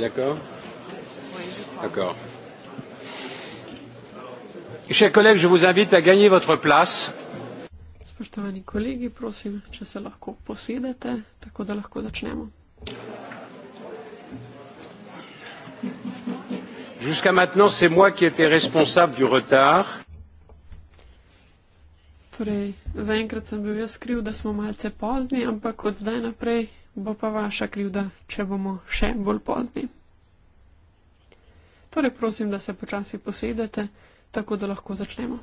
D'accord D'accord. Chers collègues, je vous invite à gagner votre place. Spoštovani kolegi, prosim, če se lahko posedete, tako da lahko začnemo. Jusqu'à maintenant, c'est moi qui étais responsable du retard. Torej, zaenkrat sem bil jaz kriv, da smo malce pozni, ampak od zdaj naprej bo pa vaša krivda, če bomo še bolj pozni. Torej, prosim, da se počasi posedete, tako da lahko začnemo.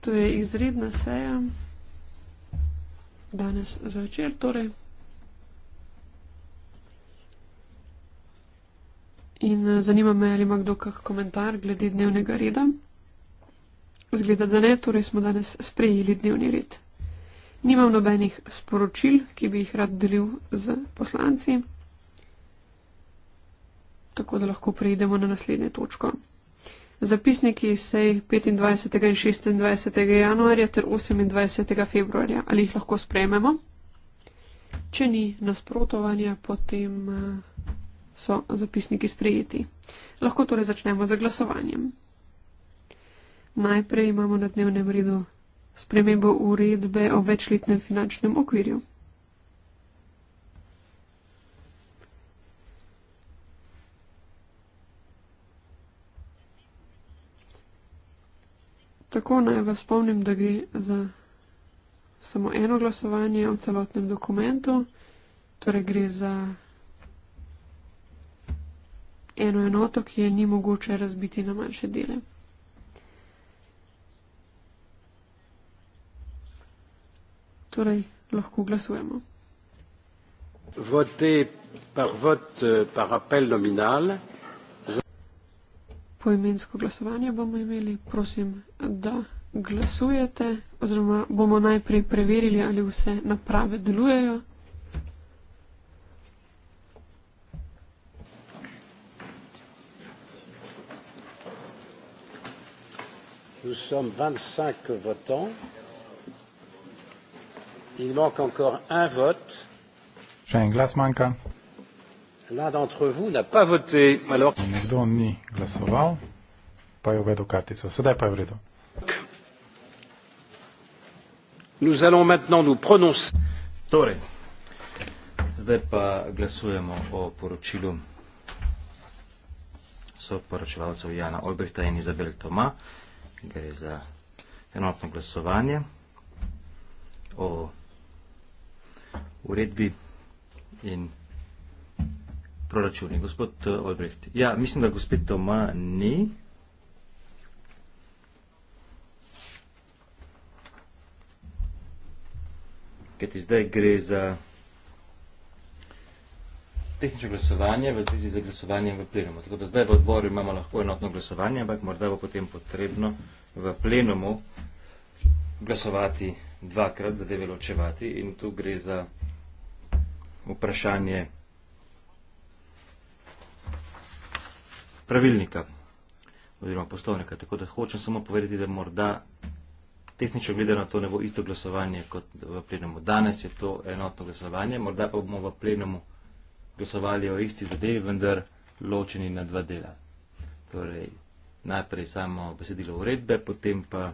To je izredna seja danes zvečer. Torej. In eh, zanima me, ali ima kdo kak komentar glede dnevnega reda. Zgleda, da ne, torej smo danes sprejeli dnevni red. Nimam nobenih sporočil, ki bi jih rad delil z poslanci, tako da lahko prejdemo na naslednje točko. Zapisniki sej 25. in 26. januarja ter 28. februarja, ali jih lahko sprejmemo? Če ni nasprotovanja, potem. Uh, so zapisniki sprejeti. Lahko torej začnemo z glasovanjem. Najprej imamo na dnevnem redu spremembo uredbe o večletnem finančnem okvirju. Tako naj vas spomnim, da gre za samo eno glasovanje o celotnem dokumentu, torej gre za eno enoto, ki je ni mogoče razbiti na manjše dele. Torej, lahko glasujemo. Vote par vote euh, par appel nominal. Poimensko glasovanje bomo imeli, prosim, da glasujete, oziroma bomo najprej preverili, ali vse naprave delujejo. nous sommes 25 votants. Il manque encore un vote. Chien, glas manca. L'un d'entre vous n'a pas voté. Alors... Nekdo ni glasoval, pa je uvedel kartico. Sedaj pa je v redu. Nous allons maintenant nous prononcer. Torej, zdaj pa glasujemo o poročilu soporočevalcev Jana Olbrihta in Izabel Toma gre za enotno glasovanje o uredbi in proračuni. Gospod eh, Olbrecht, ja, mislim, da gospod doma ni. Kajti zdaj gre za tehnično glasovanje v zvezi z glasovanjem v plenumu. Tako da zdaj v odboru imamo lahko enotno glasovanje, ampak morda bo potem potrebno v plenumu glasovati dvakrat, zadeve ločevati in tu gre za vprašanje pravilnika oziroma poslovnika. Tako da hočem samo povedati, da morda tehnično gledano to ne bo isto glasovanje kot v plenumu. Danes je to enotno glasovanje, morda pa bomo v plenumu glasovali o isti zadevi, vendar ločeni na dva dela. Torej, najprej samo besedilo uredbe, potem pa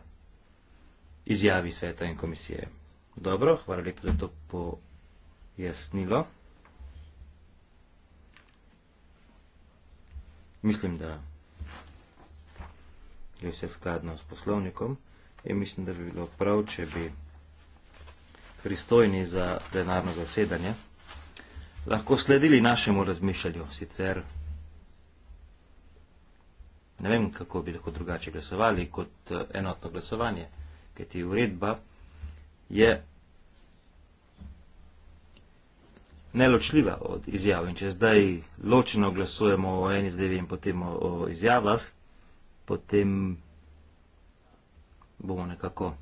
izjavi sveta in komisije. Dobro, hvala lepo za to pojasnilo. Mislim, da je vse skladno s poslovnikom in mislim, da bi bilo prav, če bi pristojni za denarno zasedanje lahko sledili našemu razmišljanju, sicer ne vem, kako bi lahko drugače glasovali kot eh, enotno glasovanje, ker ti uredba je neločljiva od izjav in če zdaj ločeno glasujemo o eni zdevi in potem o, o izjavah, potem bomo nekako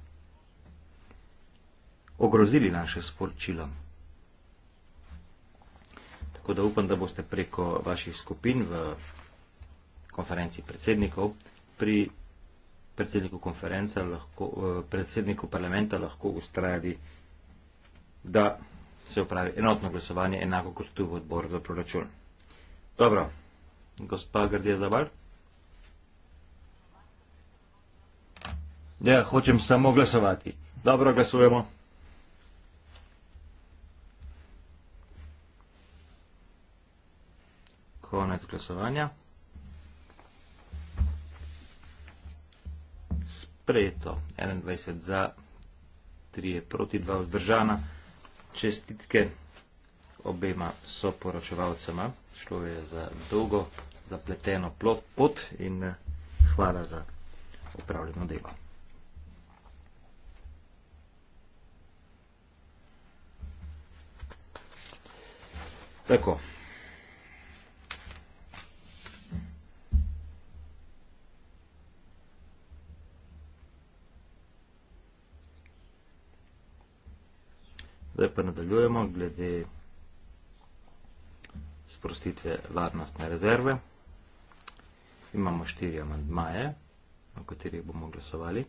ogrozili naše sporočilo. Tako da upam, da boste preko vaših skupin v konferenci predsednikov pri predsedniku, lahko, eh, predsedniku parlamenta lahko ustrajali, da se upravi enotno glasovanje, enako kot tu v odboru za proračun. Dobro, gospa Gardija Zabar. Ja, hočem samo glasovati. Dobro, glasujemo. konec glasovanja. Sprejeto 21 za 3 je proti 2 vzdržana. Čestitke obema soporočevalcema. Šlo je za dolgo zapleteno plot pot in eh, hvala za opravljeno delo. Tako. pa nadaljujemo glede sprostitve varnostne rezerve. Imamo štiri amandmaje, o katerih bomo glasovali.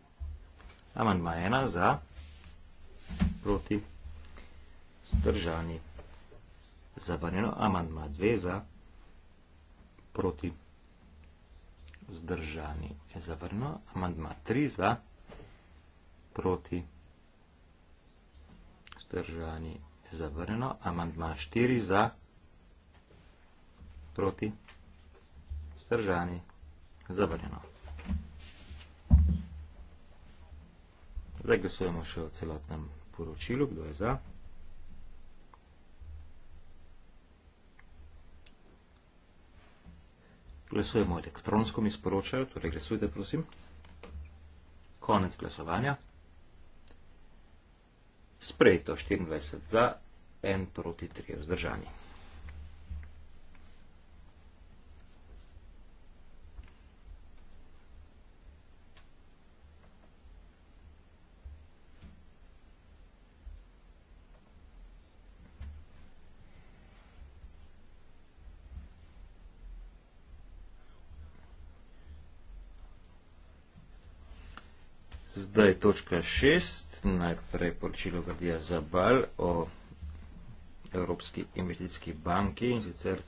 Amandma ena za, proti, zdržani, zavrnjeno. Amandma dve za, proti, zdržani, zavrnjeno. Amandma tri za, proti, zdržani vzdržani je zavrneno. Amandma 4 za, proti, vzdržani je zavrneno. Zdaj glasujemo še o celotnem poročilu, kdo je za. Glasujemo elektronsko, mi sporočajo, torej glasujte prosim. Konec glasovanja sprejeto 24 za, 1 proti 3 vzdržani. Zdaj točka 6 najprej poročilo Gardija Zabal o Evropski investicijski banki in sicer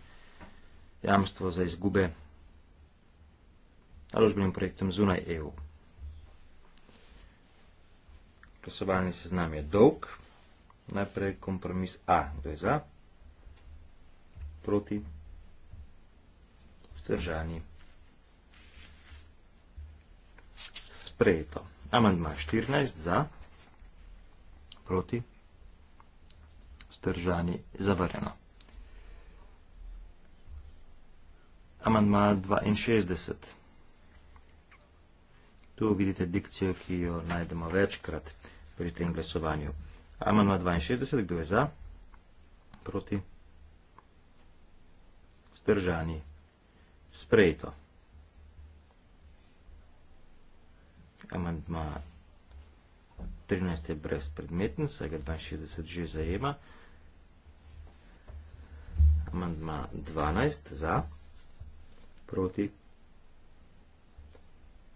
jamstvo za izgube naložbenim projektom zunaj EU. Glasovalni seznam je dolg. Najprej kompromis A. Kdo je za? Proti? Vzdržani? Sprejeto. Amandma 14 za proti, stržani zavrjeno. Amandma 62. Tu vidite dikcijo, ki jo najdemo večkrat pri tem glasovanju. Amandma 62, kdo je za, proti, stržani, sprejeto. Amandma 13 je brezpredmeten, vsega 62 že zajema. Amandma 12 za, proti,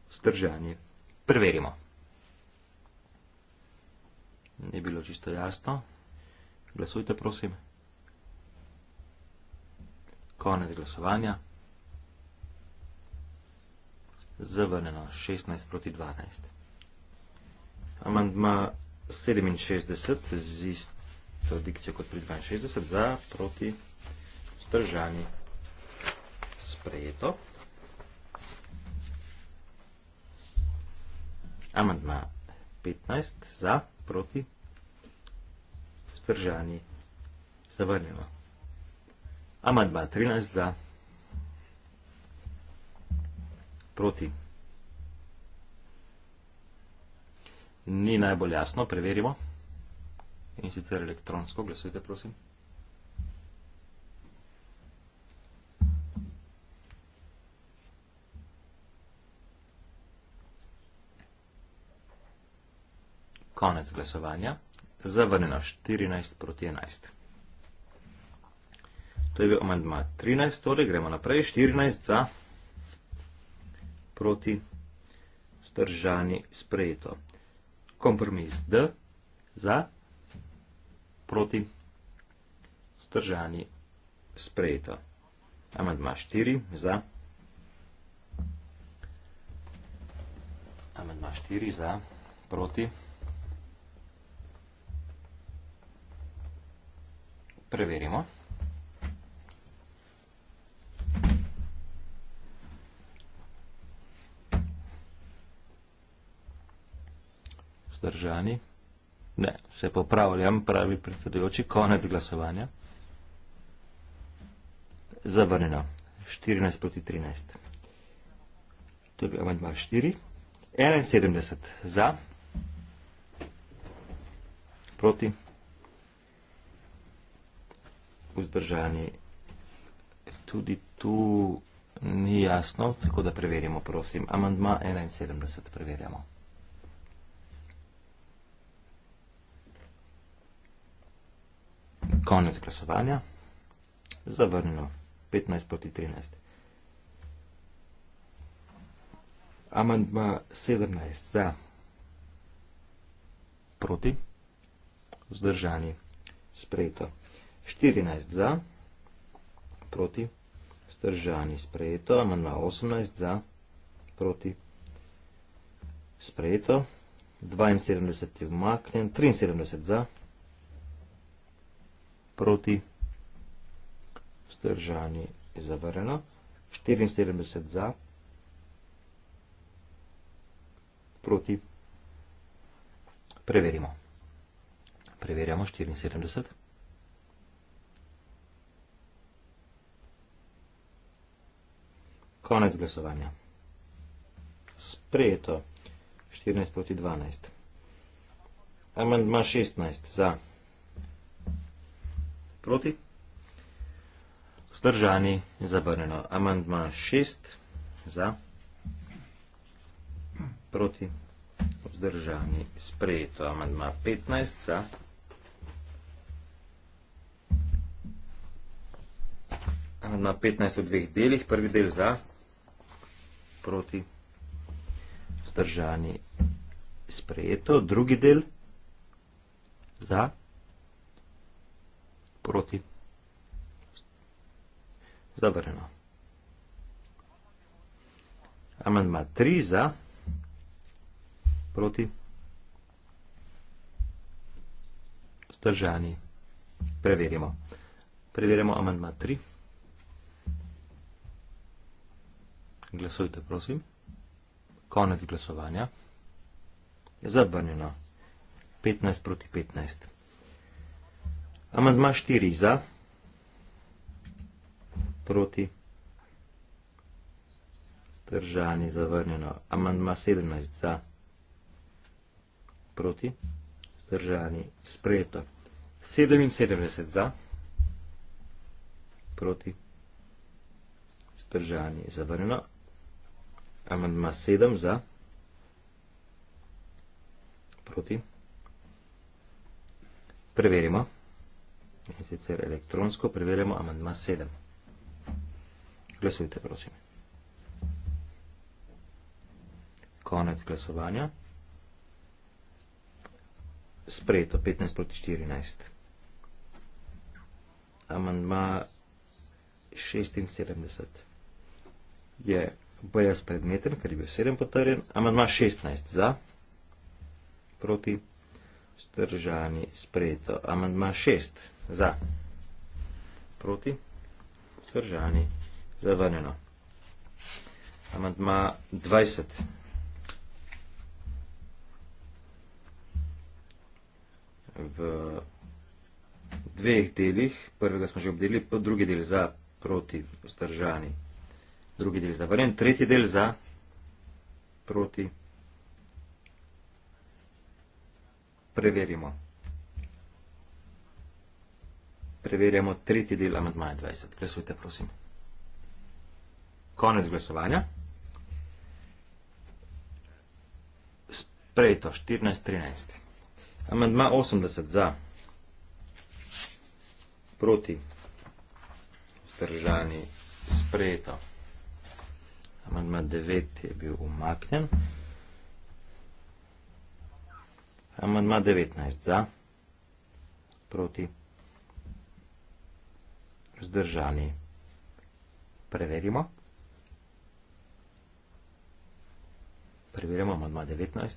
vzdržanje. Preverimo. Ne bilo čisto jasno. Glasujte, prosim. Konec glasovanja. Zavrneno 16 proti 12. Amandma 67 z isto dikcijo kot pri 62 za proti vzdržani sprejeto. Amandma 15 za proti vzdržani zavrnjeno. Amandma 13 za proti vzdržani sprejeto. ni najbolj jasno, preverimo. In sicer elektronsko, glasujte, prosim. Konec glasovanja. Zavrnjeno 14 proti 11. To je bil amandma 13, torej gremo naprej. 14 za proti stržani sprejeto. Kompromis D za, proti, stržani, sprejeto. Amandma 4 za, amandma 4 za, proti, preverimo. Preverimo. Zdržani? Ne, se popravljam, pravi predsedujoči, konec glasovanja. Zavrnjeno. 14 proti 13. To je bil amandma 4. 71 za. Proti. Vzdržani. Tudi tu ni jasno, tako da preverimo, prosim. Amandma 71 preverjamo. konec glasovanja. Zavrnilo 15 proti 13. Amandma 17 za proti, vzdržani, sprejeto. 14 za proti, vzdržani, sprejeto. Amandma 18 za proti, sprejeto. 72 je umaknjen, 73 za proti proti, vzdržani je zavrjeno, 74 za, proti, preverimo. Preverjamo 74. Konec glasovanja. Sprejeto 14 proti 12. Amendma 16 za. Proti? Vzdržani, zabrneno. Amandma šest, za. Proti? Vzdržani, sprejeto. Amandma petnaest, za. Amandma petnaest v dveh delih. Prvi del za. Proti? Vzdržani, sprejeto. Drugi del? Za. Proti? proti. Zavrljeno. Amandma 3 za, proti, zdržani. Preverimo. Preverimo amandma 3. Glasujte, prosim. Konec glasovanja. Zabrnjeno. 15 proti 15. Amandma 4 za, proti, stržani, zavrnjeno. Amandma 17 za, proti, stržani, sprejeto. 77 za, proti, stržani, zavrnjeno. Amandma 7 za, proti, preverimo. Preverimo in sicer elektronsko, preverjamo amandma 7. Glasujte, prosim. Konec glasovanja. Sprejeto, 15 proti 14. Amandma 76 je bojas predmeten, ker je bil 7 potrjen. Amandma 16 za, proti, stržani, sprejeto. Amandma 6 je za, proti, vzdržani, zavrnjeno. Amandma 20. V dveh delih, prvega smo že obdelili, pa drugi del za, proti, vzdržani, drugi del zavrnjen, tretji del za, proti, preverimo preverjamo tretji del amantmaja 20. Glasujte, prosim. Konec glasovanja. Sprejeto, 14.13. Amantma 80 za, proti, vzdržani, sprejeto. Amantma 9 je bil umaknjen. Amantma 19 za, proti, vzdržani, sprejeto vzdržani. Preverimo. Preverimo amadma 19.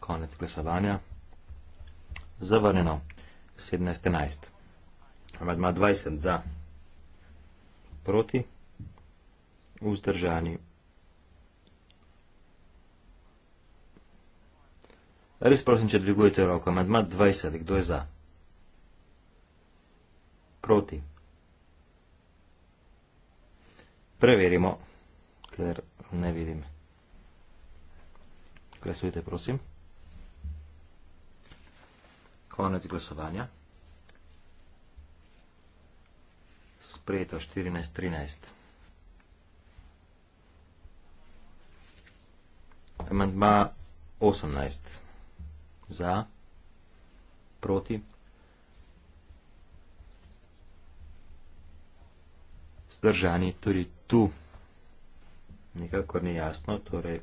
Konec glasovanja. Zavrneno. 17.11. Amadma 20 za. Proti. Vzdržani. Res prosim, če dvigujete roko. Amadma 20. Kdo je za? Amadma 20 proti. Preverimo, ker ne vidim. Glasujte, prosim. Konec glasovanja. Sprejeto 14.13. Amandma 18. Za. Proti. zdržani tudi tu. Nikakor ni jasno, torej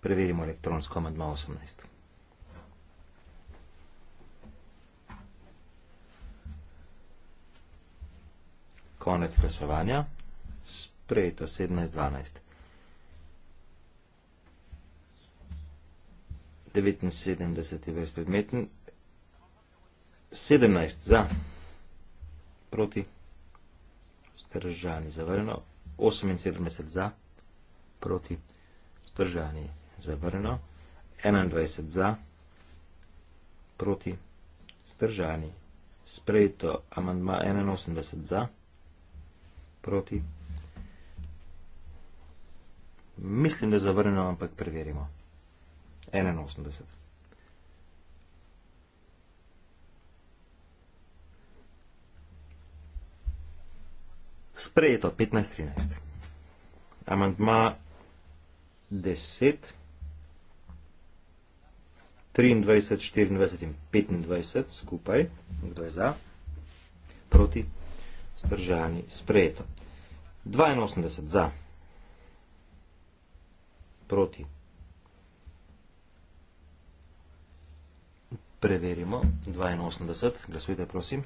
preverimo elektronsko amadma 18. Konec glasovanja. Sprejeto 17.12. 79. vrst predmetni. 17 za. Proti vzdržani, zavrjeno, 78 za, proti, vzdržani, zavrjeno, 21 za, proti, vzdržani, sprejeto, amandma 81 za, proti, mislim, da zavrjeno, ampak preverimo, 81 za. sprejeto, 15.13. Amantma 10, 23, 24 in 25 skupaj, kdo je za, proti, stržani, sprejeto. 82 za, proti. Preverimo, 82, glasujte prosim.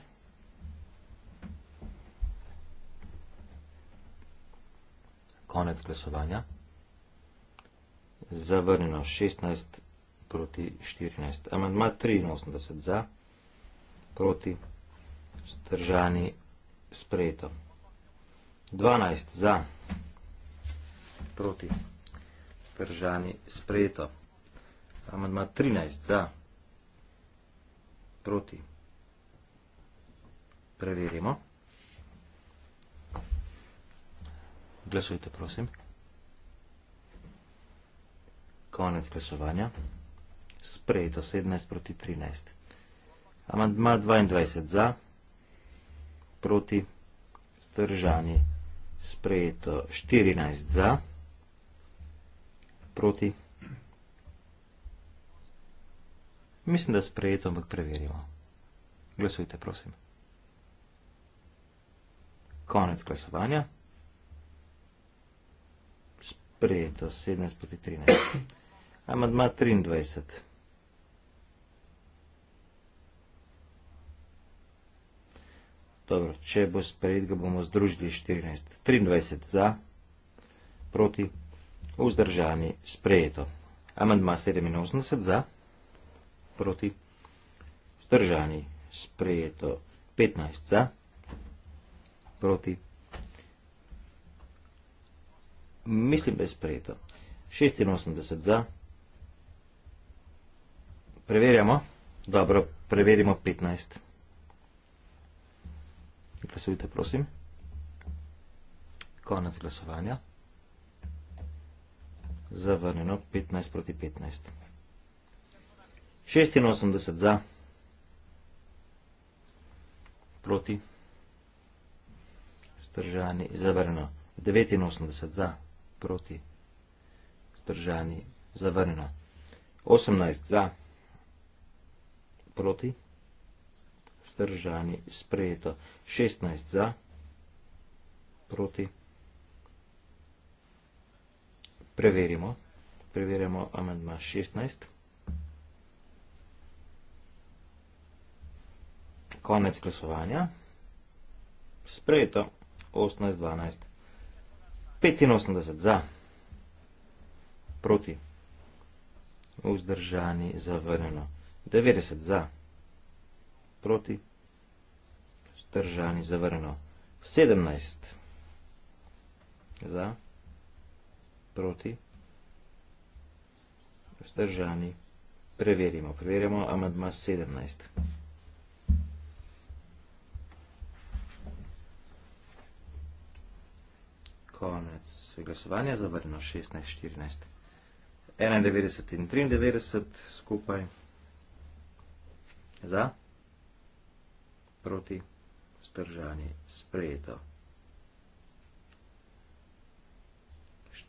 konec glasovanja. Zavrnjeno 16 proti 14. Amandma 83 za, proti, zdržani sprejeto. 12 za, proti, zdržani sprejeto. Amandma 13 za, proti, preverimo. 13 za, proti, preverimo. Glasujte, prosim. Konec glasovanja. Sprejeto 17 proti 13. Amandma 22 za, proti stržani. Sprejeto 14 za, proti. Mislim, da je sprejeto, ampak preverimo. Glasujte, prosim. Konec glasovanja sprejeto, 17 proti 13. Amadma 23. Dobro, če bo sprejet, ga bomo združili 14. 23 za, proti, vzdržani, sprejeto. Amadma 87 za, proti, vzdržani, sprejeto. 15 za, proti, vzdržani. Mislim, da je sprejeto. 86 za. Preverjamo. Dobro, preverimo 15. Glasujte, prosim. Konec glasovanja. Zavrnjeno 15 proti 15. 86 za. Proti. Zdržani. Zavrnjeno 89 za proti, zdržani, zavrnjeno. 18 za, proti, zdržani, sprejeto. 16 za, proti, preverimo, preverimo amendma 16. Konec glasovanja, sprejeto, 18, 12. 85 za, proti, vzdržani, zavrnjeno, 90 za, proti, vzdržani, zavrnjeno, 17 za, proti, vzdržani, preverimo, preverimo, amadma 17. 17. konec glasovanja, zavrnjeno 16, 14. 91 in 93 skupaj. Za? Proti? Stržanje sprejeto.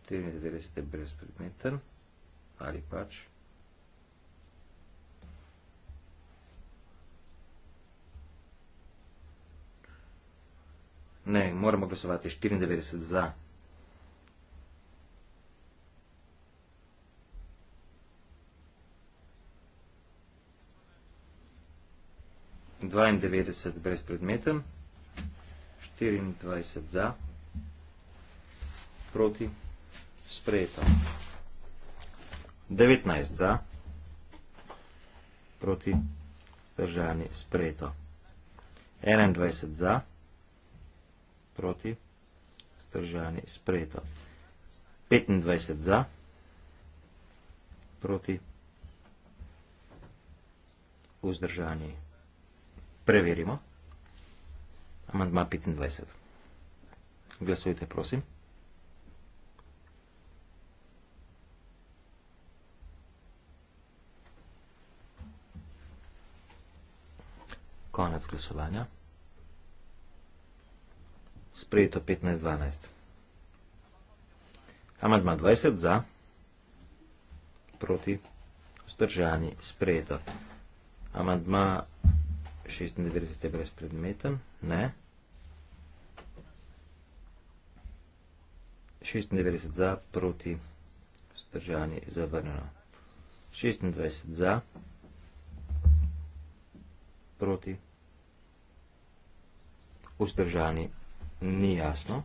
94 je brezpredmeten. Ali pač? Ne, moramo glasovati 94 za. 92 brez predmeta, 24 za, proti, sprejeto. 19 za, proti, držani, sprejeto. 21 za, proti, držani, sprejeto. 25 za, proti, vzdržani, sprejeto. Preverimo. Amandma 25. Glasujte, prosim. Konec glasovanja. Sprejeto 15.12. Amadma 20 za, proti, vzdržani, sprejeto. Amadma 96 je brezpredmeten. Ne. 96 za, proti, zdržani, zavrneno. 26 za, proti, vzdržani, ni jasno.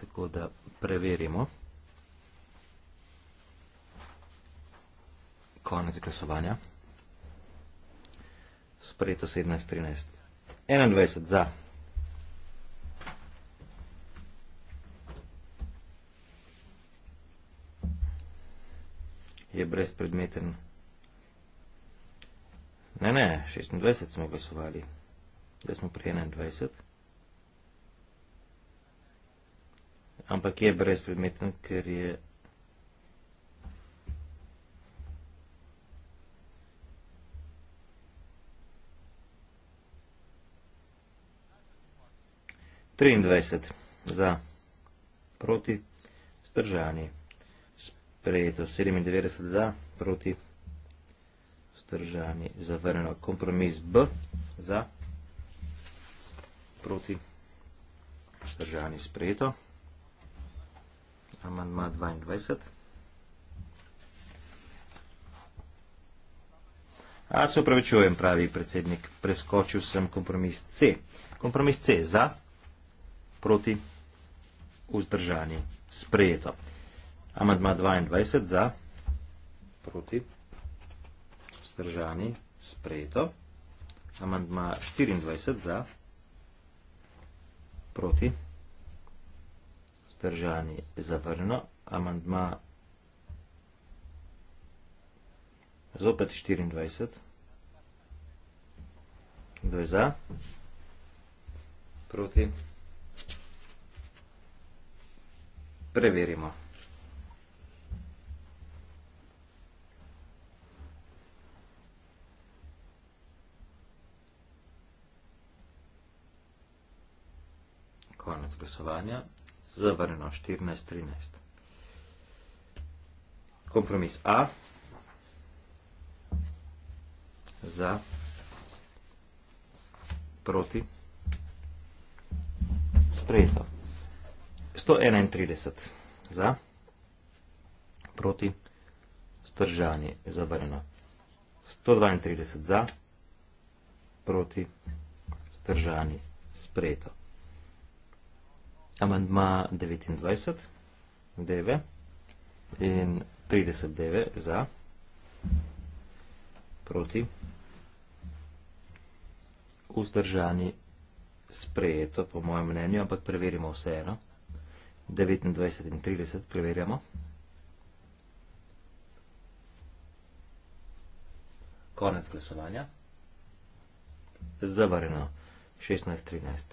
Tako da preverimo. Konec glasovanja sprejeto 17.13. 21 za. Je brezpredmeten. Ne, ne, 26 smo glasovali. Zdaj smo pri 21. Ampak je brezpredmeten, ker je 23 za proti vzdržani, sprejeto 97 za proti vzdržani, zavrneno kompromis B za proti vzdržani, sprejeto. Amandma 22. A se upravičujem, pravi predsednik, preskočil sem kompromis C. Kompromis C za proti vzdržani proti vzdržani. Sprejeto. Amadma 22 za proti vzdržani. Sprejeto. Amadma 24 za proti vzdržani. Zavrno. Amadma zopet 24. Kdo je za? Proti vzdržani. preverimo. Konec glasovanja. Zavrneno 14.13. Kompromis A. Za. Proti. Sprejeto. 131 za, proti, vzdržan je zavrnjeno. 132 za, proti, vzdržan je sprejeto. Amandma 29, 9 in 39 za, proti, vzdržan je sprejeto, po mojem mnenju, ampak preverimo vse eno. 29 in 30, preverjamo. Konec glasovanja. Zavarjeno. 16, 13.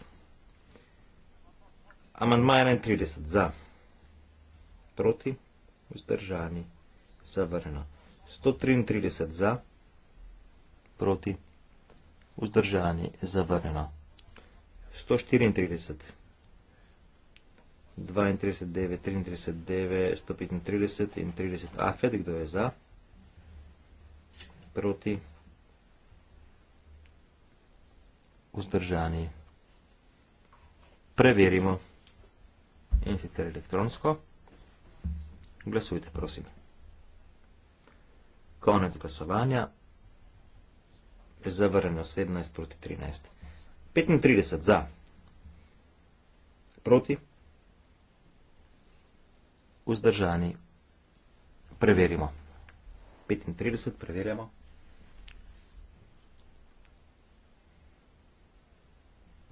Amandma 31, za. Proti, vzdržani, zavarjeno. 133 za, proti, vzdržani, zavarjeno. 134 za. 32, 33, 9, 135 in 30 AFED, kdo je za? Proti? Vzdržani. Preverimo. In sicer elektronsko. Glasujte, prosim. Konec glasovanja. Zavrnjo 17 proti 13. 35 za. Proti? Proti? vzdržani. Preverimo. 35, preverjamo.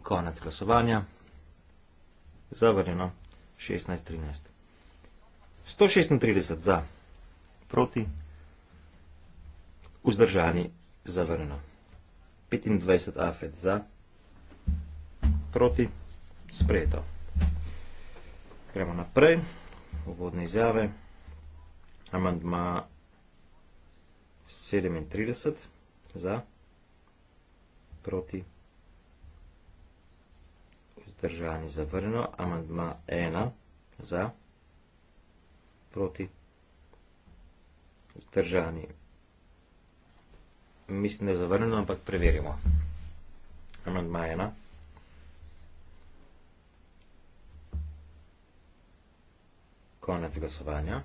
Konec glasovanja. Zavrjeno. 16, 13. 136 za, proti, vzdržani, zavrnjeno. 25 afet za, proti, sprejeto. Gremo naprej. Gremo naprej uvodne izjave. Amandma 37 za, proti, vzdržani zavrneno. Amandma 1 za, proti, vzdržani. Mislim, da je zavrneno, ampak preverimo. Amandma 1. Konec glasovanja.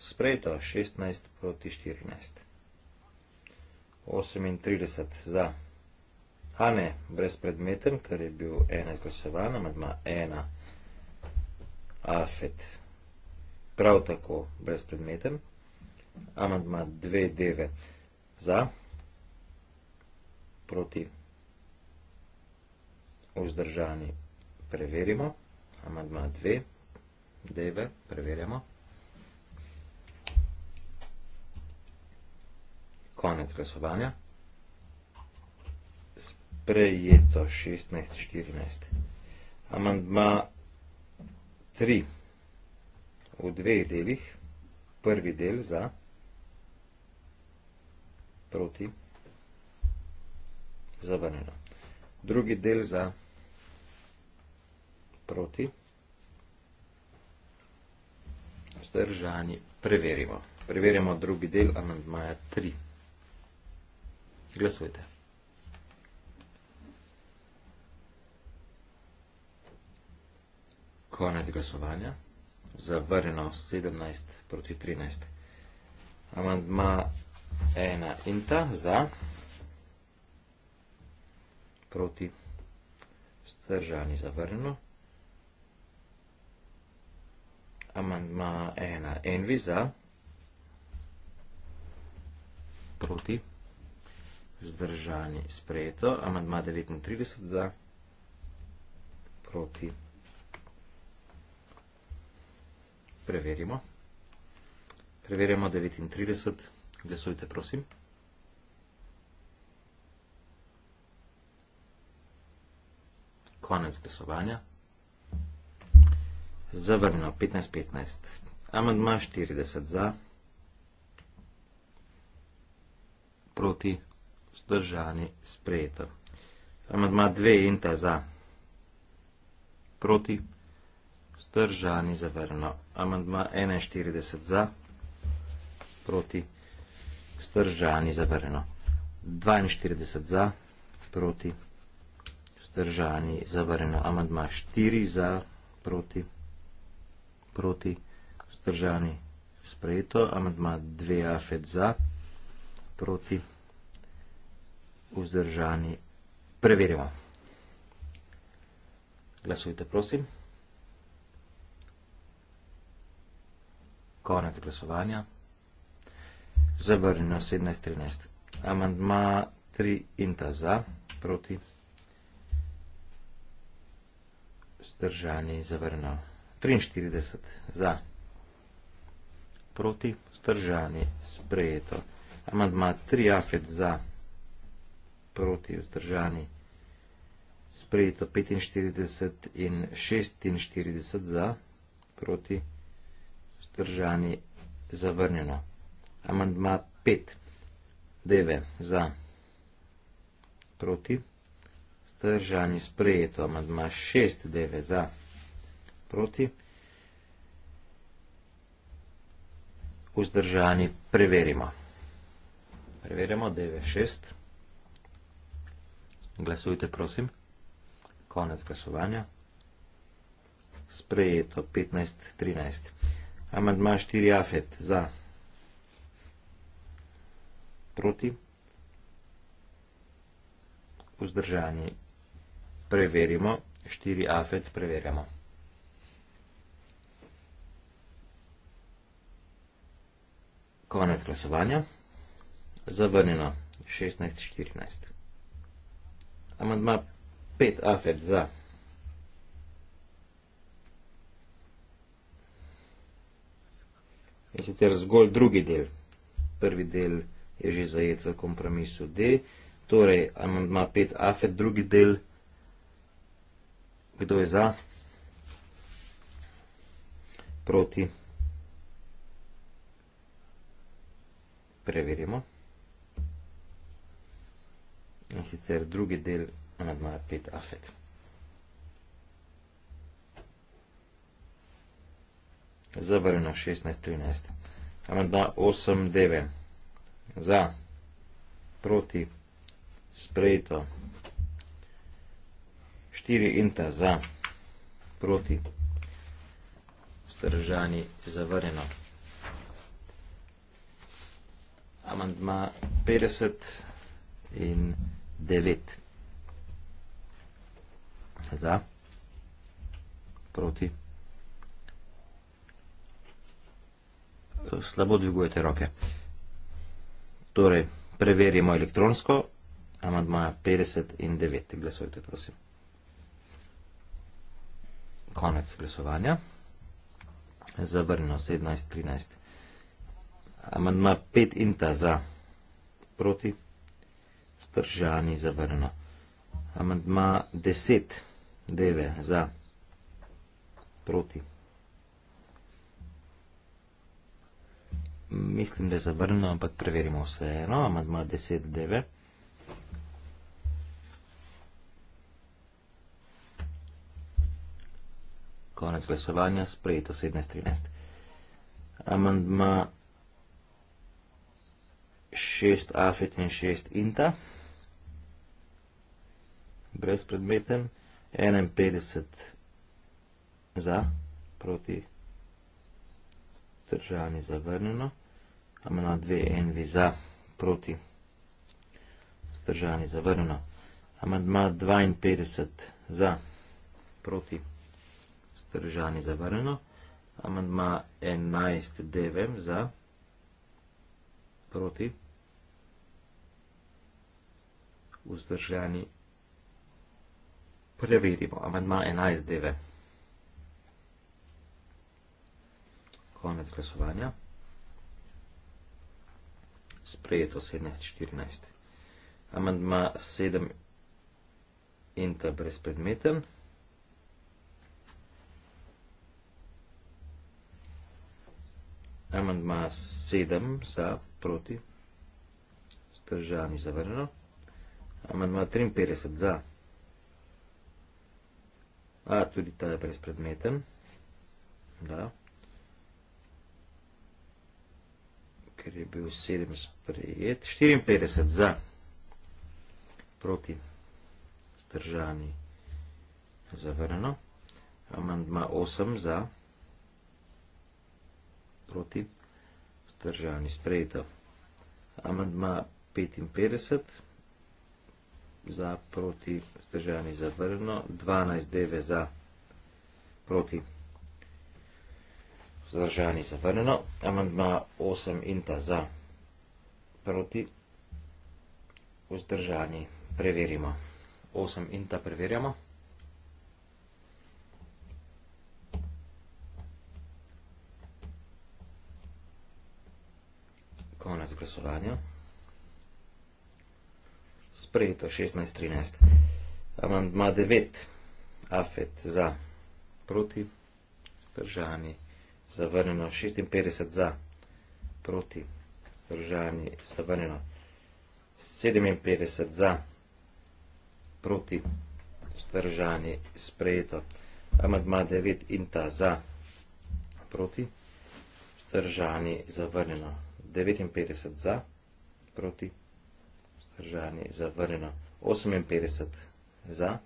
Sprejeto 16 proti 14. 38 za. A ne, brezpredmeten, ker je bil ena glasovana, med ima ena. Afet prav tako brezpredmeten. Amandma 2.9 za, proti, vzdržani preverimo. Amandma 2. Deve, preverjamo. Konec glasovanja. Sprejeto 16.14. Amandma 3. V dveh delih. Prvi del za proti zavrneno. Drugi del za proti zavrneno. vzdržani. Preverimo. Preverimo drugi del amandmaja 3. Glasujte. Konec glasovanja. Zavrjeno 17 proti 13. Amandma 1 in ta za proti vzdržani zavrjeno amandma ena envi za, proti, vzdržani sprejeto, amandma 39 za, proti, preverimo, preverimo 39, glasujte prosim. Konec glasovanja zavrnil 15-15. Amandma 40 za, proti zdržani sprejeto. Amandma 2 in ta za, proti zdržani zavrnil. Amandma 41 za, proti zdržani zavrnil. 42 za, proti zdržani zavrnil. Amandma 4 za, proti zdržani zavrnil proti, vzdržani, sprejeto, amadma 2 afet za, proti, vzdržani, preverimo. Glasujte, prosim. Konec glasovanja. Zavrnjeno 17.13. Amandma 3 inta za, proti. Zdržani zavrnjeno. 43 za, proti vzdržani, sprejeto. Amandma 3 afet za, proti vzdržani, sprejeto 45 in 46 za, proti vzdržani, zavrnjeno. Amandma 5, 9 za, proti vzdržani, sprejeto. Amandma 6, 9 za, proti vzdržani, sprejeto proti, vzdržani, preverimo. Preverimo, DV6. Glasujte, prosim. Konec glasovanja. Sprejeto, 15.13. Amadma 4 afet, za, proti, vzdržani, preverimo, 4 afet, preverjamo. Konec glasovanja. Zavrnjeno 16.14. Amandma 5 afet za. In sicer zgolj drugi del. Prvi del je že zajet v kompromisu D. Torej, amandma 5 afet, drugi del. Kdo je za? Proti. Proti. preverimo. In sicer drugi del anadmaja 5 afet. Zavrjeno 16.13. Amadma 8.9. Za, proti, sprejeto. 4 inta za, proti, vzdržani, zavrjeno. 16.13. amandma 50 in 9. Za, proti. Slabo dvigujete roke. Torej, preverimo elektronsko. Amandmaja 50 in 9. Glasujte, prosim. Konec glasovanja. Zavrnjeno 17, 13, Amandma 5 in ta za, proti, vzdržani, zavrnjeno. Amandma 10, 9, za, proti. Mislim, da je zavrnjeno, ampak preverimo vse eno. Amandma 10, 9. Konec glasovanja, sprejeto 17, 13. Amandma 10. 6 afet in 6 inta, brez predmeten, 51 za, proti držani zavrnjeno, amena 2 envi za, proti Zdržani zavrnjeno. Amandma 52 za, proti. Zdržani zavrnjeno. Amandma 11 devem za, proti. vzdržani. Preverimo. Amandma 11, 9. Konec glasovanja. Sprejeto 17, 14. Amandma 7 in ta brezpredmeten. Amandma 7 za proti. Zdržani zavrnjeno. Amandma 53 za. A, tudi ta je brezpredmeten. Da. Ker je bil 7 sprejet. 54 za. Proti. Zdržani. Zavrano. Amandma 8 za. Proti. Zdržani sprejeto. Amandma 55 za za proti, zdržani za vrno, 12 deve za proti, zdržani za vrno, amandma 8 inta za proti, zdržani, preverimo. 8 inta preverjamo. Konec glasovanja sprejeto 16.13. Amandma 9. Afet za. Proti. Zdržani. Zavrnjeno. 56 za. Proti. Zdržani. Zavrnjeno. 57 za. Proti. Zdržani. Sprejeto. Amandma 9 in ta za. Proti. Zdržani. Zavrnjeno. 59 za. Proti vzdržani, zavrnjeno. 58 za,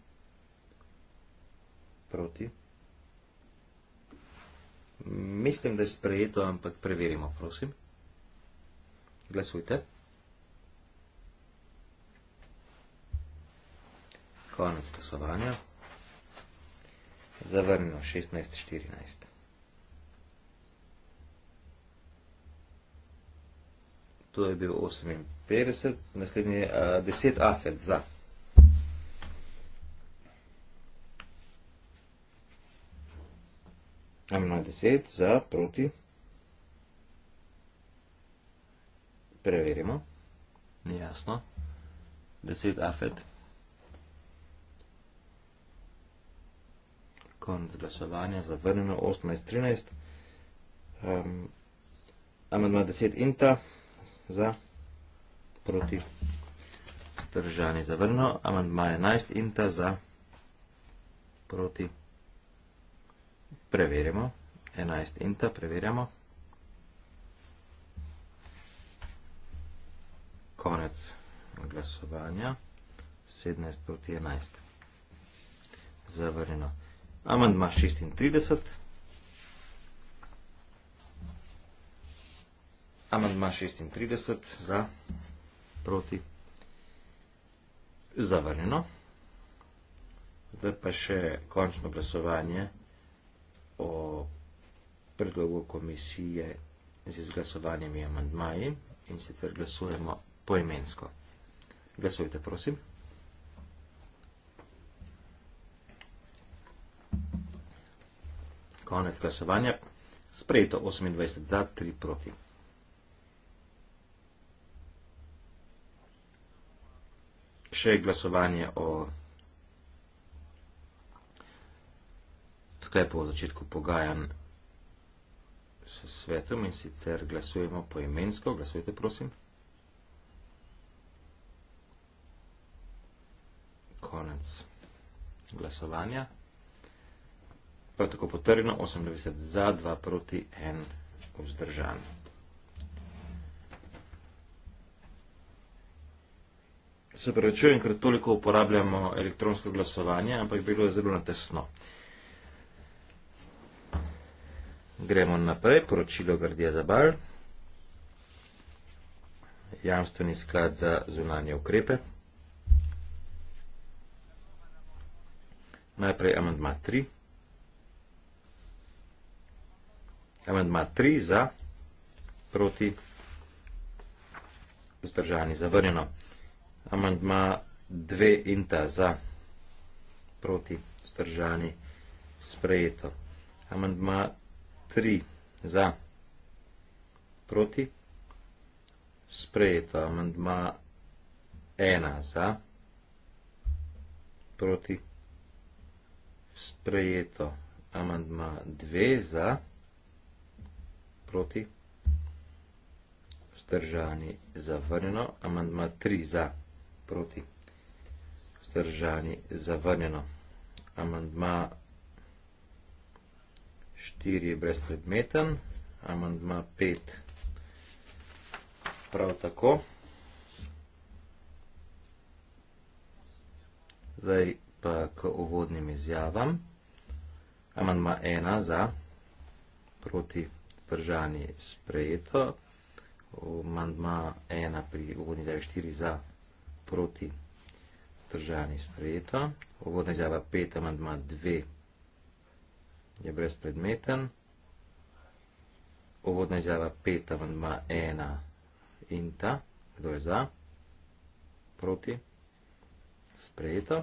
proti. Mislim, da je sprejeto, ampak preverimo, prosim. Glasujte. Konec glasovanja. Zavrnjeno 16.14. To je bil 58. 50, naslednji uh, eh, 10 afet za. Amno 10 za, proti. Preverimo. Jasno. 10 afet. Konc glasovanja, zavrnjeno, 18, 13. Um, Amandma 10 inta, za proti. Zdržani za vrno. Amandma 11 in ta za proti. Preverimo. 11 in ta preverjamo. Konec glasovanja. 17 proti 11. Zavrnjeno. Amandma 36. Amandma 36 za proti. Zavrnjeno. Zdaj pa še končno glasovanje o predlogu komisije z izglasovanjem amandmaji in sicer glasujemo poimensko. Glasujte, prosim. Konec glasovanja. Sprejeto 28 za, 3 proti. še glasovanje o. Tukaj je po začetku pogajanj s svetom in sicer glasujemo poimensko. Glasujte, prosim. Konec glasovanja. Prav tako potrjeno 98 za, 2 proti, 1 vzdržan. Se pravičujem, ker toliko uporabljamo elektronsko glasovanje, ampak bi bilo je zelo natesno. Gremo naprej, poročilo Gardija Zabal, jamstveni sklad za zunanje ukrepe. Najprej amandma 3. Amandma 3 za, proti, vzdržani, zavrnjeno amandma dve in ta za, proti, stržani, sprejeto. Amandma tri za, proti, sprejeto. Amandma ena za, proti, sprejeto. Amandma dve za, proti, stržani, zavrnjeno. Amandma tri za, proti proti. Vzdržani zavrnjeno. Amandma 4 je brezpredmeten. Amandma 5 prav tako. Zdaj pa k uvodnim izjavam. Amandma 1 za proti zdržani sprejeto. Amandma 1 pri uvodni 4 za proti proti državni sprejeto. Uvodna izjava 5, amandma 2 je brezpredmeten. Uvodna izjava 5, amandma 1 in ta, kdo je za, proti, sprejeto.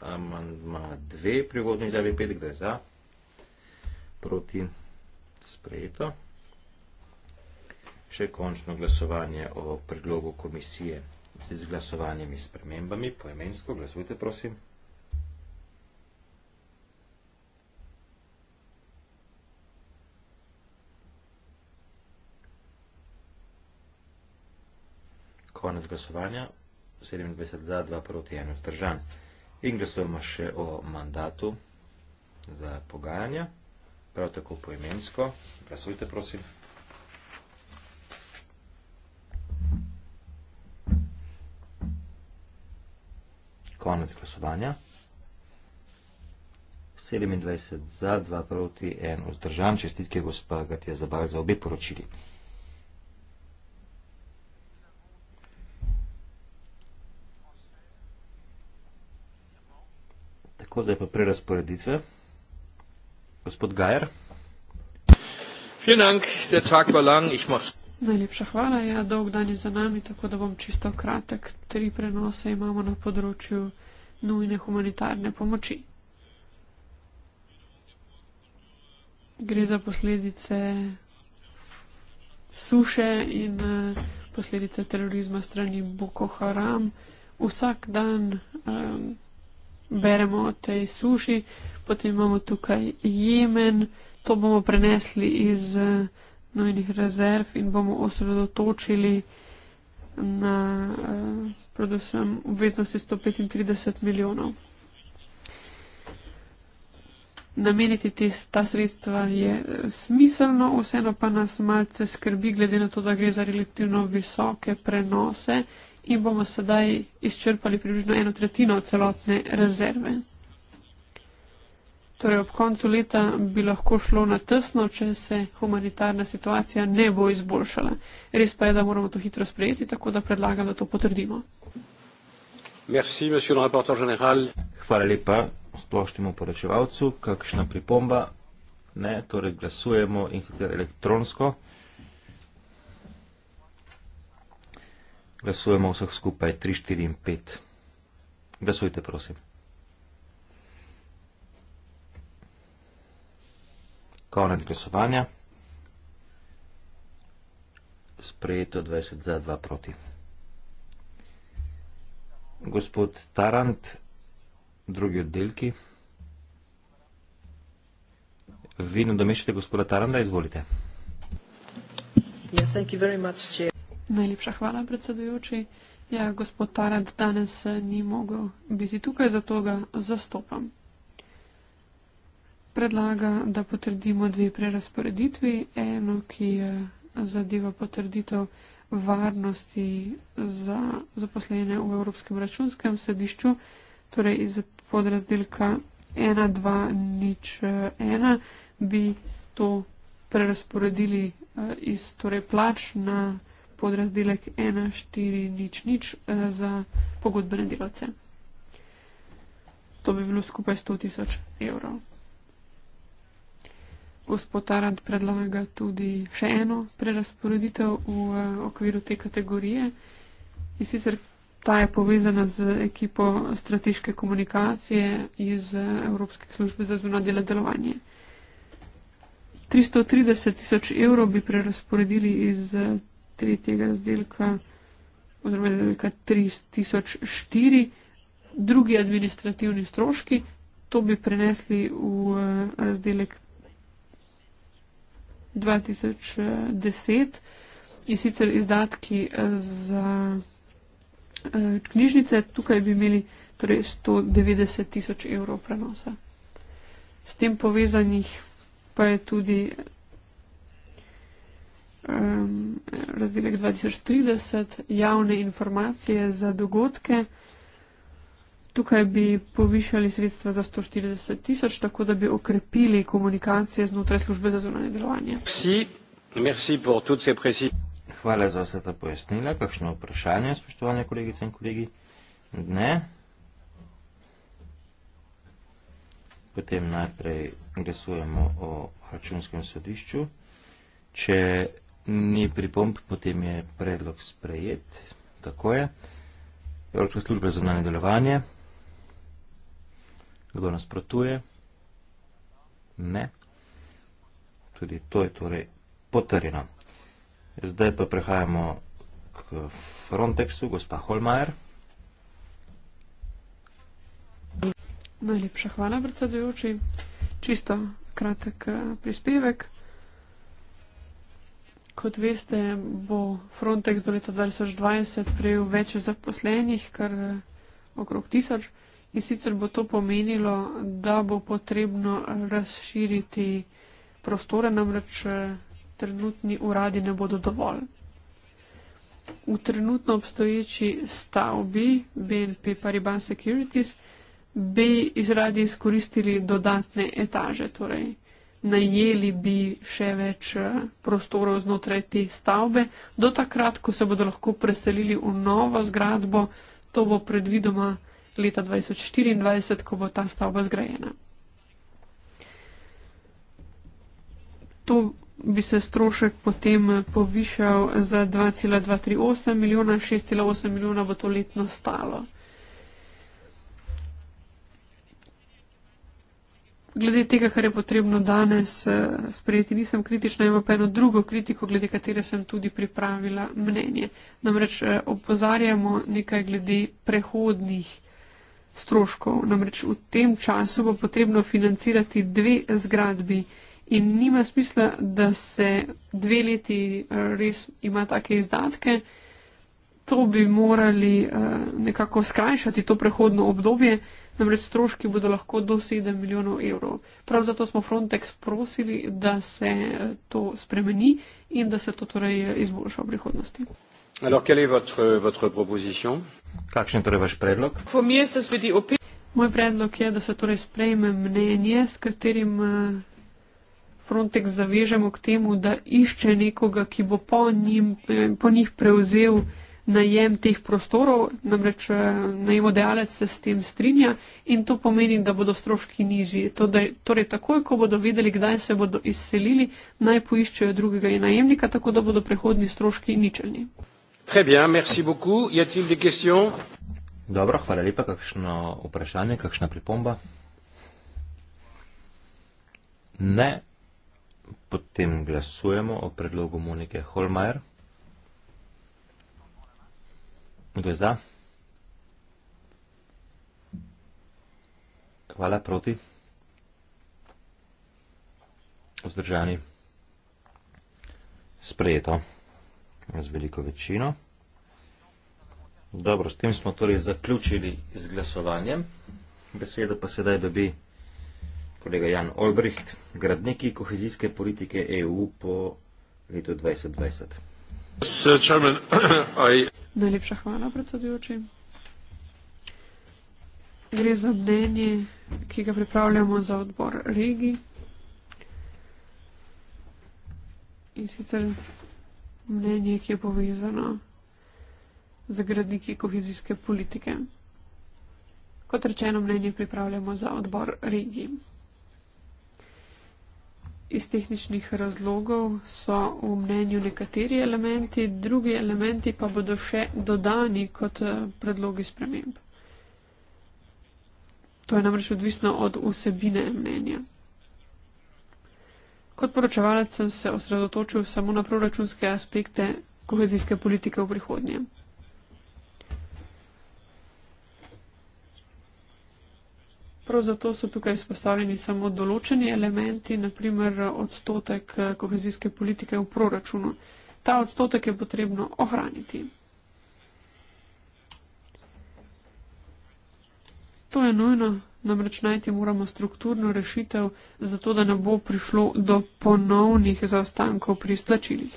Amandma 2 pri uvodni izjavi 5, kdo je za, proti, sprejeto. Še končno glasovanje o predlogu komisije z izglasovanimi spremembami, poemensko glasujte, prosim. Konec glasovanja, 27 za, 2 proti 1 vzdržan. In glasujemo še o mandatu za pogajanja, prav tako poemensko. Glasujte, prosim. konec glasovanja. 27 za, 2 proti, 1 vzdržan. Čestitke, gospa Gatija Zabar, za obe poročili. Tako, zdaj pa prerasporeditve. Gospod Gajer. Vielen Dank, der Tag war lang, ich muss... Najlepša hvala. Ja, dolg dan je za nami, tako da bom čisto kratek. Tri prenose imamo na področju nujne humanitarne pomoči. Gre za posledice suše in eh, posledice terorizma strani Boko Haram. Vsak dan um, beremo o tej suši, potem imamo tukaj Jemen, to bomo prenesli iz uh, nujnih rezerv in bomo osredotočili na eh, predvsem obveznosti 135 milijonov. Nameniti te, ta sredstva je eh, smiselno, vseeno pa nas malce skrbi, glede na to, da gre za relativno visoke prenose in bomo sedaj izčrpali približno eno tretjino celotne rezerve. Torej ob koncu leta bi lahko šlo na tesno, če se humanitarna situacija ne bo izboljšala. Res pa je, da moramo to hitro sprejeti, tako da predlagam, da to potrdimo. Merci, Hvala lepa splošnemu poročevalcu. Kakšna pripomba? Ne, torej glasujemo in sicer elektronsko. Glasujemo vseh skupaj 3, 4 in 5. Glasujte, prosim. Konec glasovanja. Sprejeto 20 za 2 proti. Gospod Tarant, drugi oddelki. Vi nadomeščate gospoda Taranda, izvolite. Yeah, Najlepša hvala, predsedujoči. Ja, gospod Tarant danes eh, ni mogel biti tukaj, zato ga zastopam predlaga, da potrdimo dve prerasporeditvi. Eno, ki je zadeva potrditev varnosti za zaposlene v Evropskem računskem središču, torej iz podrazdelka 1201, bi to prerasporedili eh, iz torej, plač na podrazdelek 1400 eh, za pogodbene delavce. To bi bilo skupaj 100 tisoč evrov gospod Arant predlaga tudi še eno prerasporeditev v eh, okviru te kategorije. In sicer ta je povezana z ekipo strateške komunikacije iz eh, Evropske službe za zunadele delovanje. 330 tisoč evrov bi prerasporedili iz eh, tretjega razdelka oziroma razdelka 3004, drugi administrativni stroški, to bi prenesli v razdelek 3004. 2010 in sicer izdatki eh, za eh, knjižnice, tukaj bi imeli torej 190 tisoč evrov prenosa. S tem povezanih pa je tudi um, razdelek 2030 javne informacije za dogodke, Tukaj bi povišali sredstva za 140 tisoč, tako da bi okrepili komunikacije znotraj službe za zunanje delovanje. Hvala za vse ta pojasnila. Kakšno vprašanje, spoštovane kolegice in kolegi? Ne. Potem najprej glasujemo o računskem sodišču. Če ni pripomp, potem je predlog sprejet. Tako je. Evropska služba za zunanje delovanje. Kdo nasprotuje? Ne. Tudi to je torej potrjeno. Zdaj pa prehajamo k Frontexu, gospa Holmajer. Najlepša hvala, predsedujoči. Čisto kratek eh, prispevek. Kot veste, bo Frontex do leta 2020 prejel več zaposlenih, kar eh, okrog tisoč. In sicer bo to pomenilo, da bo potrebno razširiti prostore, namreč eh, trenutni uradi ne bodo dovolj. V trenutno obstoječi stavbi BNP Paribas Securities bi izradi izkoristili dodatne etaže, torej najeli bi še več eh, prostorov znotraj te stavbe. Do takrat, ko se bodo lahko preselili v novo zgradbo, to bo predvidoma leta 2024, ko bo ta stavba zgrajena. To bi se strošek potem povišal za 2,238 milijona, 6,8 milijona bo to letno stalo. Glede tega, kar je potrebno danes eh, sprejeti, nisem kritična, imam pa eno drugo kritiko, glede katere sem tudi pripravila mnenje. Namreč eh, opozarjamo nekaj glede prehodnih stroškov. Namreč v tem času bo potrebno financirati dve zgradbi in nima smisla, da se dve leti eh, res ima take izdatke. To bi morali eh, nekako skrajšati to prehodno obdobje, namreč stroški bodo lahko do 7 milijonov evrov. Prav zato smo Frontex prosili, da se eh, to spremeni in da se to torej izboljša v prihodnosti. Alors, quelle est votre, votre proposition Kakšen je torej vaš predlog? Moj predlog je, da se torej sprejme mnenje, s katerim eh, Frontex zavežemo k temu, da išče nekoga, ki bo po, njim, eh, po njih prevzel najem teh prostorov, namreč eh, najemodajalec se s tem strinja in to pomeni, da bodo stroški nizji. Torej, torej takoj, ko bodo vedeli, kdaj se bodo izselili, naj poiščejo drugega najemnika, tako da bodo prehodni stroški ničelni. Très bien, merci beaucoup. Y a-t-il des questions Dobro, hvala lepa, kakšno vprašanje, kakšna pripomba? Ne. Potem glasujemo o predlogu Monike Holmajer. Kdo je za? Hvala, proti. Vzdržani. Sprejeto z veliko večino. Dobro, s tem smo torej zaključili z glasovanjem. Besedo pa sedaj dobi kolega Jan Olbricht, gradniki kohezijske politike EU po letu 2020. Najlepša hvala, predsedujoči. Gre za mnenje, ki ga pripravljamo za odbor regij. In sicer mnenje, ki je povezano z gradniki kohezijske politike. Kot rečeno, mnenje pripravljamo za odbor regij. Iz tehničnih razlogov so v mnenju nekateri elementi, drugi elementi pa bodo še dodani kot eh, predlogi sprememb. To je namreč odvisno od vsebine mnenja. Kot poročevalec sem se osredotočil samo na proračunske aspekte kohezijske politike v prihodnje. Prav zato so tukaj izpostavljeni samo določeni elementi, naprimer odstotek eh, kohezijske politike v proračunu. Ta odstotek je potrebno ohraniti. To je nujno, namreč najti moramo strukturno rešitev, zato da ne bo prišlo do ponovnih zaostankov pri izplačilih.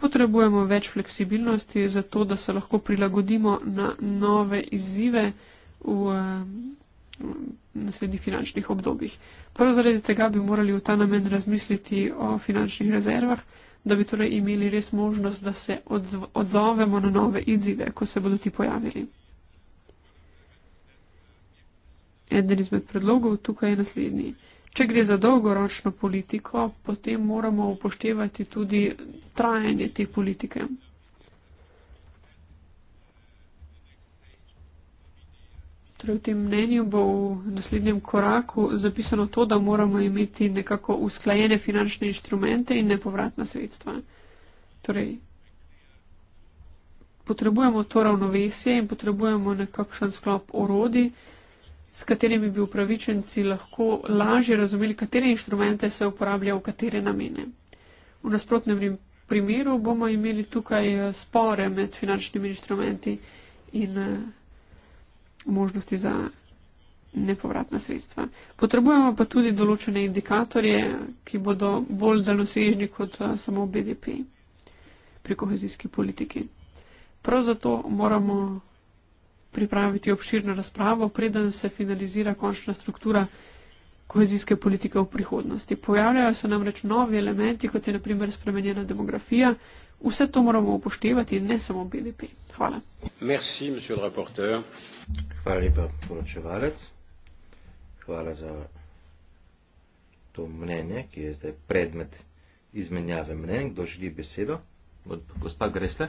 Potrebujemo več fleksibilnosti, zato da se lahko prilagodimo na nove izzive v, eh, v naslednjih finančnih obdobjih. Prvo zaradi tega bi morali v ta namen razmisliti o finančnih rezervah, da bi torej imeli res možnost, da se odzovemo na nove izzive, ko se bodo ti pojavili. Eden izmed predlogov tukaj je naslednji. Če gre za dolgoročno politiko, potem moramo upoštevati tudi trajanje te politike. Torej, v tem mnenju bo v naslednjem koraku zapisano to, da moramo imeti nekako usklajene finančne inštrumente in nepovratna sredstva. Torej, potrebujemo to ravnovesje in potrebujemo nekakšen sklop orodi, s katerimi bi upravičenci lahko lažje razumeli, katere inštrumente se uporabljajo v katere namene. V nasprotnem primeru bomo imeli tukaj eh, spore med finančnimi inštrumenti in eh, možnosti za nepovratna sredstva. Potrebujemo pa tudi določene indikatorje, ki bodo bolj daljnosežni kot eh, samo BDP pri kohezijski politiki. Prav zato moramo pripraviti obširno razpravo, preden se finalizira končna struktura kohezijske politike v prihodnosti. Pojavljajo se namreč novi elementi, kot je naprimer spremenjena demografija. Vse to moramo upoštevati, ne samo BDP. Hvala. Merci, Hvala lepa, poročevalec. Hvala za to mnenje, ki je zdaj predmet izmenjave mnen. Kdo želi besedo? Gospa Gresle.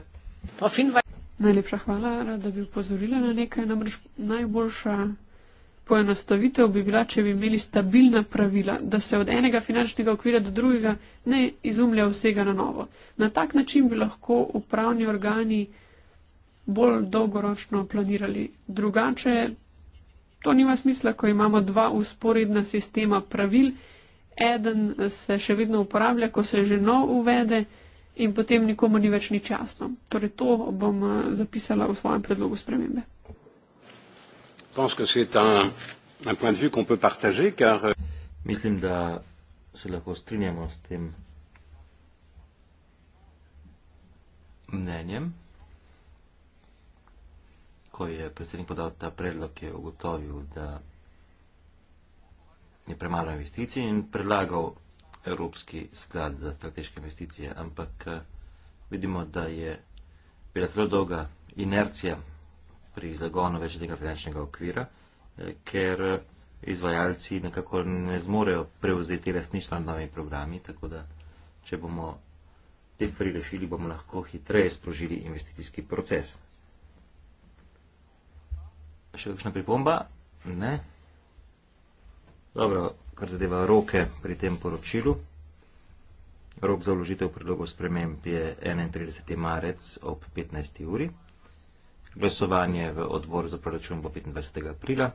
Najlepša hvala, Ara, da bi upozorila na nekaj. Namreč najboljša poenostavitev bi bila, če bi imeli stabilna pravila, da se od enega finančnega okvira do drugega ne izumlja vsega na novo. Na tak način bi lahko upravni organi bolj dolgoročno planirali. Drugače, to nima smisla, ko imamo dva usporedna sistema pravil. Eden se še vedno uporablja, ko se že nov uvede in potem nikomu ni več ni časno. Torej to bom eh, zapisala v svojem predlogu spremembe. Euh, Mislim, da se lahko strinjamo s tem mnenjem, ko je predsednik podal ta predlog, je ugotovil, da je premalo investicij in predlagal Evropski sklad za strateške investicije, ampak eh, vidimo, da je bila zelo dolga inercija pri zagonu več tega finančnega okvira, eh, ker eh, izvajalci nekako ne zmorejo prevzeti resnično nad novimi programi, tako da če bomo te stvari rešili, bomo lahko hitreje sprožili investicijski proces. Še kakšna pripomba? Ne? Dobro, kar zadeva roke pri tem poročilu. Rok za vložitev predlogov sprememb je 31. marec ob 15. uri. Glasovanje v odboru za proračun bo 25. aprila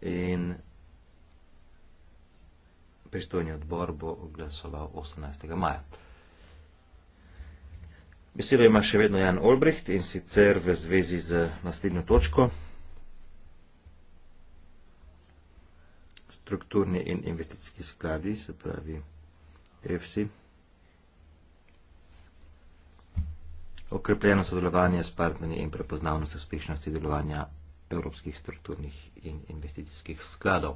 in pristojni odbor bo glasoval 18. maja. Besedo ima še vedno Jan Olbricht in sicer v zvezi z naslednjo točko. strukturni in investicijski skladi, se pravi EFSI. Okrepljeno sodelovanje s partnerji in prepoznavnost uspešnosti delovanja evropskih strukturnih in investicijskih skladov.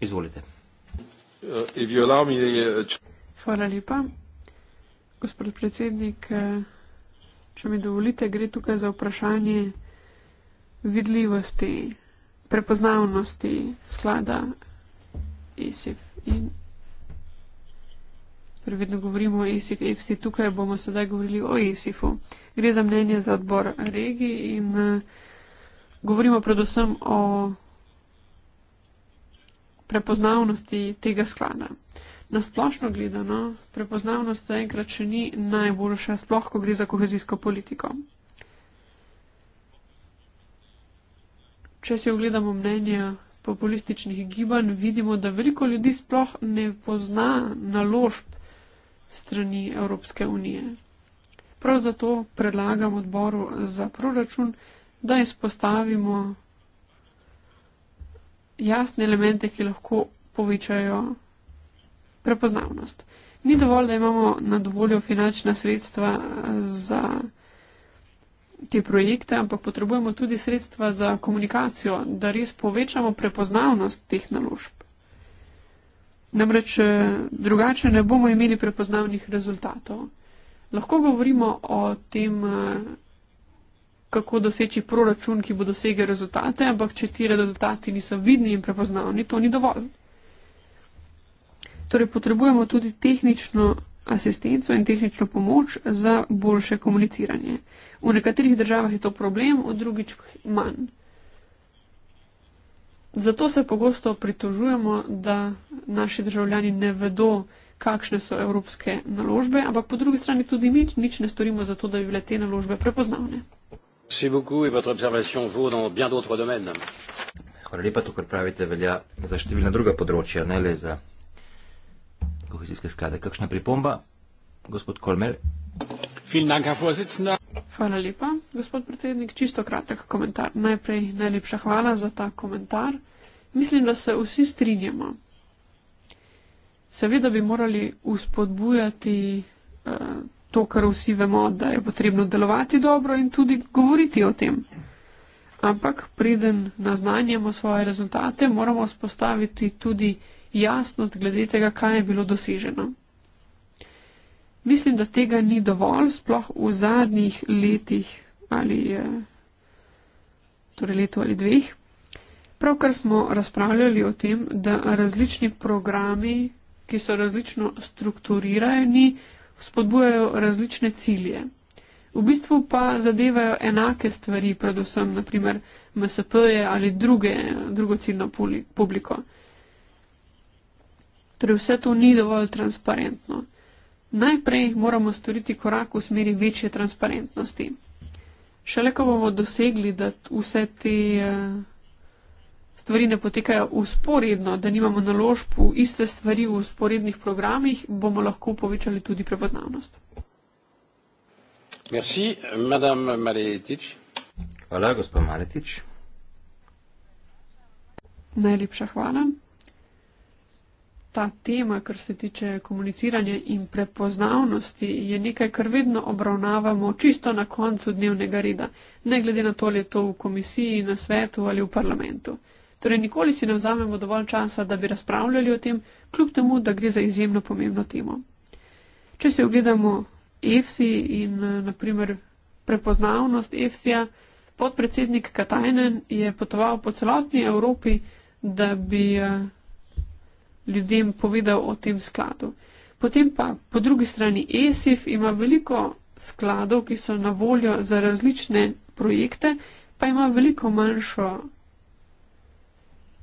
Izvolite. Uh, uh, Hvala lepa. Gospod predsednik, uh, če mi dovolite, gre tukaj za vprašanje vidljivosti, prepoznavnosti sklada ISIF. E in Torej, vedno govorimo o ISIF, e e FC, tukaj bomo sedaj govorili o ISIF-u. Gre za mnenje za odbor regij in uh, govorimo predvsem o prepoznavnosti tega sklada. Nasplošno gledano, prepoznavnost zaenkrat še ni najboljša, sploh ko gre za kohezijsko politiko. Če si ogledamo mnenje populističnih gibanj, vidimo, da veliko ljudi sploh ne pozna naložb strani Evropske unije. Prav zato predlagam odboru za proračun, da izpostavimo jasne elemente, ki lahko povečajo prepoznavnost. Ni dovolj, da imamo na dovoljo finančna sredstva za te projekte, ampak potrebujemo tudi sredstva za komunikacijo, da res povečamo prepoznavnost teh naložb. Namreč eh, drugače ne bomo imeli prepoznavnih rezultatov. Lahko govorimo o tem, eh, kako doseči proračun, ki bo dosegel rezultate, ampak če ti rezultati niso vidni in prepoznavni, to ni dovolj. Torej potrebujemo tudi tehnično asistenco in tehnično pomoč za boljše komuniciranje. V nekaterih državah je to problem, v drugih manj. Zato se pogosto pritožujemo, da naši državljani ne vedo, kakšne so evropske naložbe, ampak po drugi strani tudi mi nič ne storimo za to, da bi bile te naložbe prepoznavne. Hvala lepa, to, kar pravite, velja za številna druga področja, ne le za kohezijske sklade. Kakšna pripomba, gospod Kolmer? Hvala lepa, gospod predsednik. Čisto kratek komentar. Najprej najlepša hvala za ta komentar. Mislim, da se vsi strinjamo. Seveda bi morali uspodbujati eh, to, kar vsi vemo, da je potrebno delovati dobro in tudi govoriti o tem. Ampak preden naznanjamo svoje rezultate, moramo vzpostaviti tudi jasnost glede tega, kaj je bilo doseženo. Mislim, da tega ni dovolj, sploh v zadnjih letih ali eh, torej letu ali dveh. Pravkar smo razpravljali o tem, da različni programi, ki so različno strukturirani, spodbujajo različne cilje. V bistvu pa zadevajo enake stvari, predvsem naprimer MSP-je ali druge, drugo ciljno publiko. Torej vse to ni dovolj transparentno. Najprej moramo storiti korak v smeri večje transparentnosti. Šele ko bomo dosegli, da vse te eh, stvari ne potekajo usporedno, da nimamo naložb v iste stvari v usporednih programih, bomo lahko povečali tudi prepoznavnost. Merci, madame Maletič. Hvala, gospod Maletič. Najlepša hvala ta tema, kar se tiče komuniciranja in prepoznavnosti, je nekaj, kar vedno obravnavamo čisto na koncu dnevnega reda, ne glede na to, ali je to v komisiji, na svetu ali v parlamentu. Torej, nikoli si ne vzamemo dovolj časa, da bi razpravljali o tem, kljub temu, da gre za izjemno pomembno temo. Če se ogledamo EFSI in naprimer prepoznavnost EFSI-ja, podpredsednik Katajnen je potoval po celotni Evropi, da bi ljudem povedal o tem skladu. Potem pa po drugi strani ESIF ima veliko skladov, ki so na voljo za različne projekte, pa ima veliko manjšo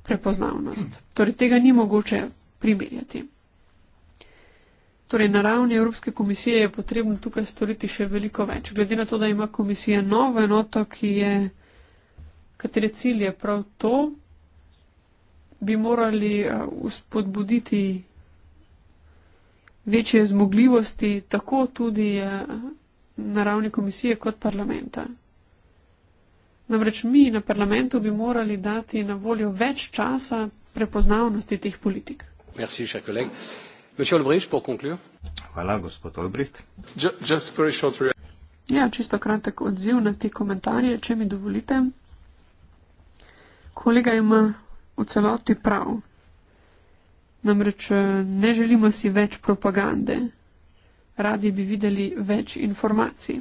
prepoznavnost. Torej tega ni mogoče primerjati. Torej, na ravni Evropske komisije je potrebno tukaj storiti še veliko več. Glede na to, da ima komisija novo enoto, katere cilj je prav to, bi morali uspodbuditi eh, večje zmogljivosti, tako tudi eh, na ravni komisije kot parlamenta. Namreč mi na parlamentu bi morali dati na voljo več časa prepoznavnosti teh politik. Merci, Hvala, gospod Olbricht. Just very short ja, čisto kratek odziv na te komentarje, če mi dovolite. Kolega ima v celoti prav. Namreč eh, ne želimo si več propagande, radi bi videli več informacij.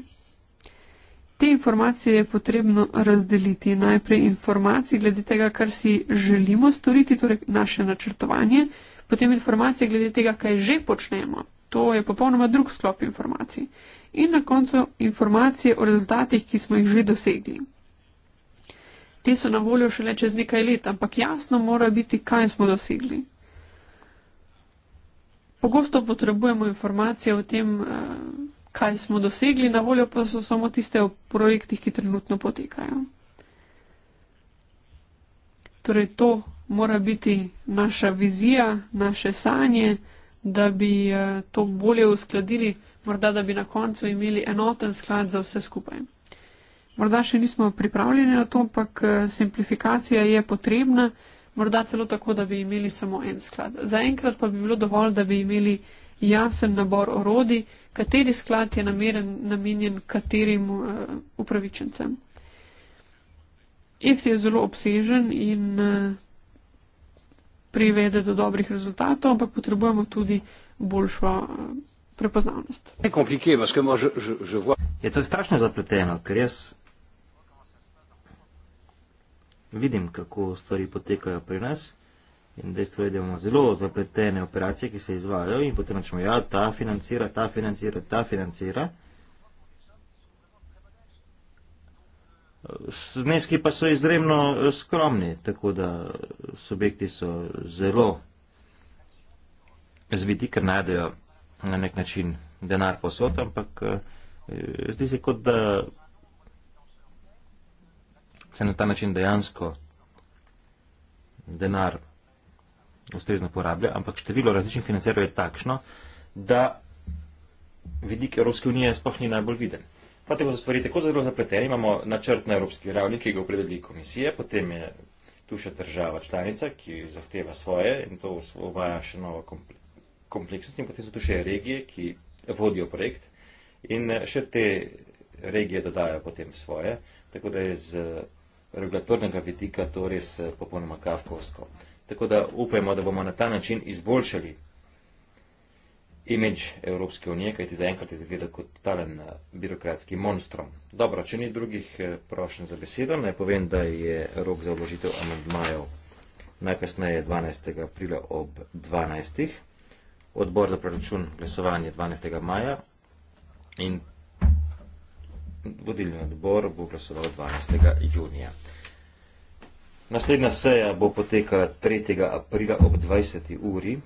Te informacije je potrebno razdeliti. Najprej informacije glede tega, kar si želimo storiti, torej naše načrtovanje, potem informacije glede tega, kaj že počnemo. To je popolnoma drug sklop informacij. In na koncu informacije o rezultatih, ki smo jih že dosegli. Ti so na voljo šele čez nekaj let, ampak jasno mora biti, kaj smo dosegli. Pogosto potrebujemo informacije o tem, eh, kaj smo dosegli, na voljo pa so samo tiste o projektih, ki trenutno potekajo. Torej, to mora biti naša vizija, naše sanje, da bi eh, to bolje uskladili, morda da bi na koncu imeli enoten sklad za vse skupaj. Morda še nismo pripravljeni na to, ampak eh, simplifikacija je potrebna, morda celo tako, da bi imeli samo en sklad. Za enkrat pa bi bilo dovolj, da bi imeli jasen nabor orodi, kateri sklad je nameren, namenjen katerim uh, eh, upravičencem. EFSI je zelo obsežen in eh, privede do dobrih rezultatov, ampak potrebujemo tudi boljšo prepoznavnost. Je to strašno zapleteno, ker jaz vidim, kako stvari potekajo pri nas. In dejstvo je, da imamo zelo zapletene operacije, ki se izvajajo in potem rečemo, ja, ta financira, ta financira, ta financira. Zneski pa so izredno eh, skromni, tako da eh, subjekti so zelo zviti, ker najdejo na nek način denar posod, ampak eh, zdi se kot da se na ta način dejansko denar ustrezno porablja, ampak število različnih financerov je takšno, da vidik Evropske unije sploh ni najbolj viden. Prav tako so stvari tako zelo zapletene. Imamo načrt na evropski ravni, ki ga opredeli komisije, potem je tu še država članica, ki zahteva svoje in to uvaja še novo kompleksnost in potem so tu še regije, ki vodijo projekt in še te regije dodajo potem svoje. Tako da je z regulatornega vidika to res eh, popolnoma kafkovsko. Tako da upajmo, da bomo na ta način izboljšali imidž Evropske unije, kajti zaenkrat je zgleda kot talen eh, birokratski monstrom. Dobro, če ni drugih eh, prošenj za besedo, naj povem, da je rok za obložitev amandmajev najkasneje 12. aprila ob 12. Odbor za proračun glasovanje 12. maja in vodilni odbor bo glasoval 12. junija. Naslednja seja bo potekala 3. aprila ob 20. uri,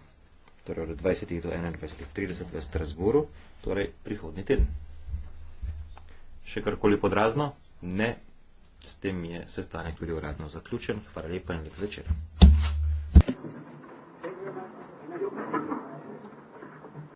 torej od 20. do 21.30 v Strasburu, torej prihodni teden. Še karkoli podrazno? Ne. S tem je sestanek tudi uradno zaključen. Hvala lepa in lep večer.